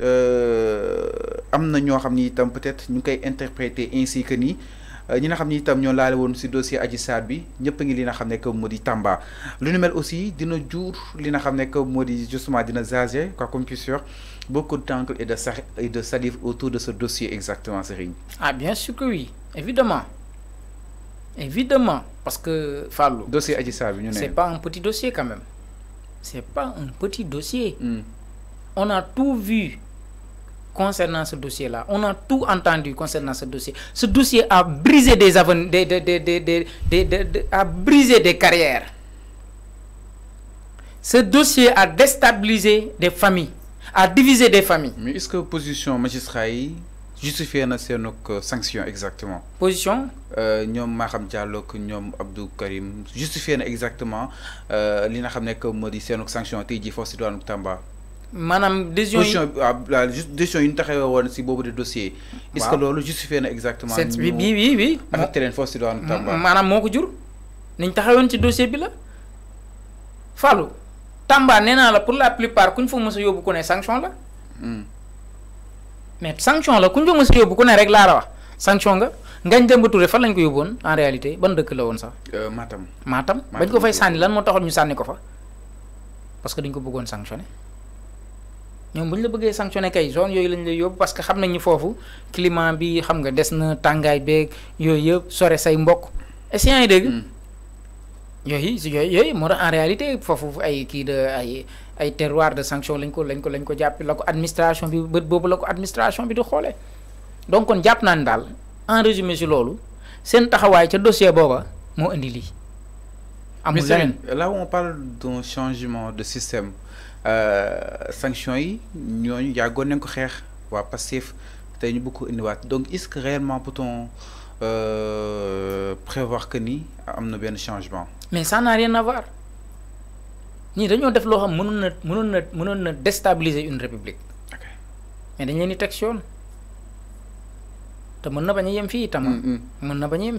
Euh, peut-être ñu koy interpréter ainsi que ni euh, itam dossier Adji dit bi ñëpp ngi li que Tamba lu mel aussi dina dit li que justement dina comme sûr beaucoup de et de salive autour de ce dossier exactement ah bien sûr que oui évidemment évidemment parce que dossier Adji bi c'est pas un petit dossier quand même c'est pas un petit dossier. Hmm. on a tout vu concernant ce dossier-là. On a tout entendu concernant ce dossier. Ce dossier a brisé des des, des, des, des, des, a brisé des carrières. Ce dossier a déstabilisé des familles, a divisé des familles. Mais est-ce que position magistrat justifie nos euh, sanctions exactement Position euh, ñoom Maham Diallo ak Abdou Karim justifié exactement exactement euh, li nga xam ne moo di seen sanction tey jii foofu si Tamba. manam décision yi ah, décision yi ñu taxawee woon si boobu de dossier. est-ce que lolu justifié na exactement. c'est bi bi bi bi. affecté terrain foofu do doon Tamba. manam moko jur niñ ñu taxawoon ci dossier bi la fallu Tamba nee la pour la plupart kuñ fu mësa mës ko né sanction la. Hmm. mais sanction la kuñ ñu mësa mës ko né rek la wax sanction nga ngañ Demba Touré fa lañ ko yóbbu en réalité ban deuk la woon sax. Euh, Matam Matam. bañ ko fay sanni lan mo taxoon ñu sanni ko fa parce que dañ ko bëggoon sanctionner ñoom bu ñu la bëggee sanctionné kay zone yooyu lañu lay yóbbu parce que xam nañ ni foofu climat bi xam nga des na tàngaay beeg yooyu yëpp sore say mbokk est-ce que yaa hmm. yooyu si yooyu yooyu moo tax en réalité foofu ay kii de ay ay terroir de sanction lañ ko lañ ko lañ ko jàpp la ko administration bi bët boobu la ko administration bi di xoole donc kon jàpp naa ne daal en résumé si loolu seen taxawaay ca dossier booba moo indi lii. Ah, mais là où on parle d'un changement de système sanction euh, sanctions, il y a ko xeex waa passif tey ñu beaucoup ko indiwaat donc est-ce que réellement peut-on euh, prévoir que ni am bien un changement. mais ça n'a rien à voir Nous avons def loo xam mënoon na mënoon déstabiliser une république. mais nous avons di une si yoon te mën na bañ a yem fii itam. bañ a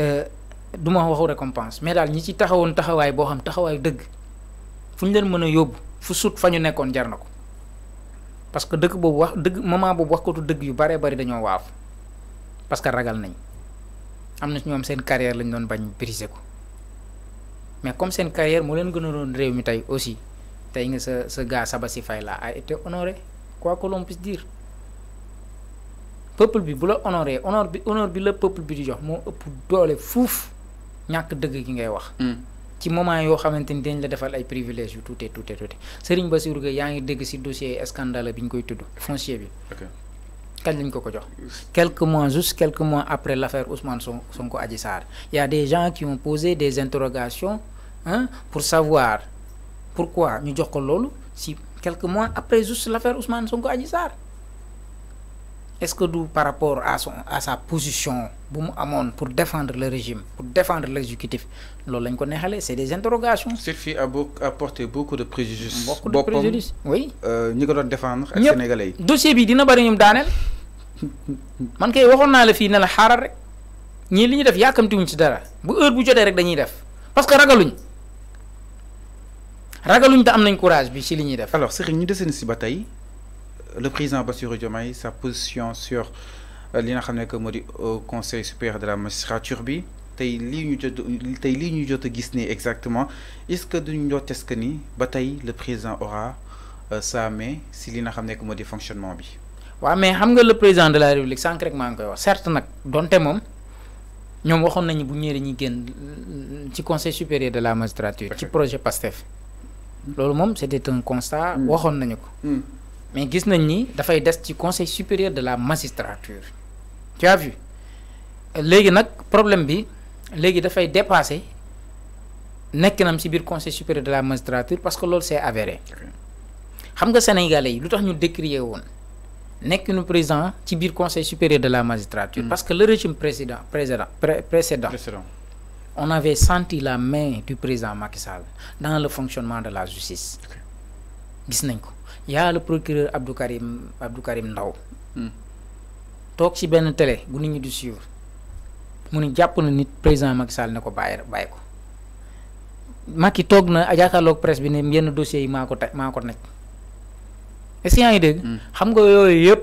Euh, duma waxu récompense mais dal ñi ci taxawon taxaway bo xam taxaway deug fu leen mëna yobbu fu sut fañu nekkon jarnako parce que deug bobu wax deug moment bobu wax tu deug yu bare bare dañoo waaf parce que ragal nañ am ci ñoom seen carrière lañ doon bañ briser ko mais comme seen carrière mo leen gënaloon réew mi tay aussi tay nga sa sa gars sabassi fay la a été honoré quoi que l'on puisse dire peuple bi bu la honoré honor bi honor bi le peuple bi di jox mo ëpp doole fouf ñak dëgg gi ngay wax. Mm. ci moment yo xamanteni dañ la défal ay privilèges yu tuute tuute tout, Serigne Bassirou Gueye yaa ngi dégg si dossier scandale biñ koy tudd foncier bi. kañ lañ ko ko jox quelques mois juste quelques mois après l'affaire Ousmane Sonko Adji Sarr y a des gens qui ont posé des interrogations hein pour savoir pourquoi ñu jox ko lolu si quelques mois après juste l'affaire Ousmane Sonko Adji Sarr est-ce que nous, par rapport à son à sa position pour défendre le régime pour défendre l'exécutif lañ ko c'est des interrogations. Sylvie a apporté beaucoup de préjudice. beaucoup de préjudice oui. Nous euh, devons défendre. les sénégalais Le dossier bi dina bari ñum daaneel man kay waxoon naa la fii ne la xaaral rek fait li ñu def yàkkamtiwuñ ci dara bu heure bu parce que ragaluñ ragaluñ t'a am courage bi ci li ñuy def. alors c'est ñu deseen si ba bataille le président Bassirou Diomaye sa position sur euh, li au euh, conseil supérieur de la magistrature bi tay li ñu jot tey ñu jot exactement est-ce que duñu njortes que ni ba tay le président aura euh, sa main si li nga xamné fonctionnement bi. wa mais xam nga le président de la république sans rek maa ngi koy wax certes nag donte moom ñoom waxoon nañu bu ñëwee ñi gën ci conseil supérieur de la magistrature. ci projet PASTEF. lolu mom c'était un constat. Hmm. waxon nañ ko. Hmm mais gis nañ ni dafay dess conseil supérieur de la magistrature tu as vu Le problème bi qu'il dafay dépasser nek nam conseil supérieur de la magistrature parce que c'est avéré xam nga sénégalais yi lu tax ñu décrier woon nekk président ci le conseil supérieur de la magistrature mm. parce que le régime précédent on avait senti la main du président Macky Sall dans le fonctionnement de la justice gis nañ ko yaa le procureur Abdou Karim Abdou Karim Ndaw hmm. toog ci benn télé bu nit ñi di suivre mu ne jàpp na nit président mag Sall ne ko bàyyi bàyyi ko Macky toog na jàkkaarloog presse bi ne yenn dossiers yi maa ko teg maa ko nekk est-ce que hmm. xam nga yooyu yëpp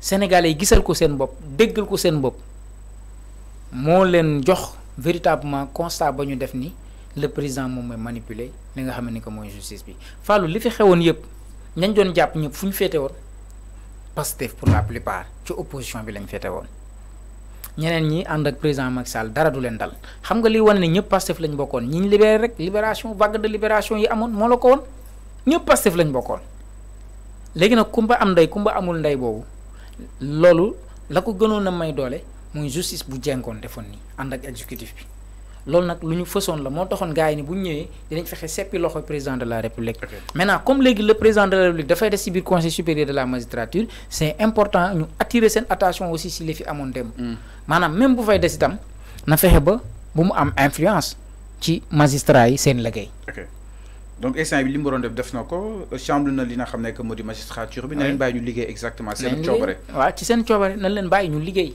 sénégalais yi gisal ko seen bopp déggal ko seen bopp moo leen jox véritablement constat ba ñu def nii le président moom mooy manipuler li nga xam ne que mooy justice bi Fallou li fi xewoon yëpp ñañ doon jàpp ñëpp fu ñu féete woon Pastef pour la plupart ci opposition bi lañ fete woon ñeneen ñi ànd ak président Macky Sall dara du leen dal xam nga liy wane ne ñëpp Pastef lañ bokkoon ñi ñu libéré rek libération vague de libération yi amoon moo la ko woon ñëpp Pastef lañ bokkoon léegi nag kumba am ndey kumba amul ndey boobu loolu la ko gënoon a may doole muy justice bu jengoon defoon nii ànd ak exécutif bi. loolu nak luñu fësoon la moo taxoon gars yi ni bu ñu ñëwee dinañ fexe seppi loxo président de la république. maintenant comme léegi le président de la république dafay des ci biir conseil supérieur de la magistrature c' est important ñu attirer seen attention aussi si li fi amoon dem. Hmm. maanaam même bu fay des itam na fexe ba bu mu am influence ci magistrat yi seen liggéey. donc instant bi li mu waroon def def na ko chambre na li nga xam ne que moo di magistrature bi. Ah na leen bàyyi ñu liggéey exactement. seen coobare waaw ci seen coobare na leen bàyyi ñu liggéey.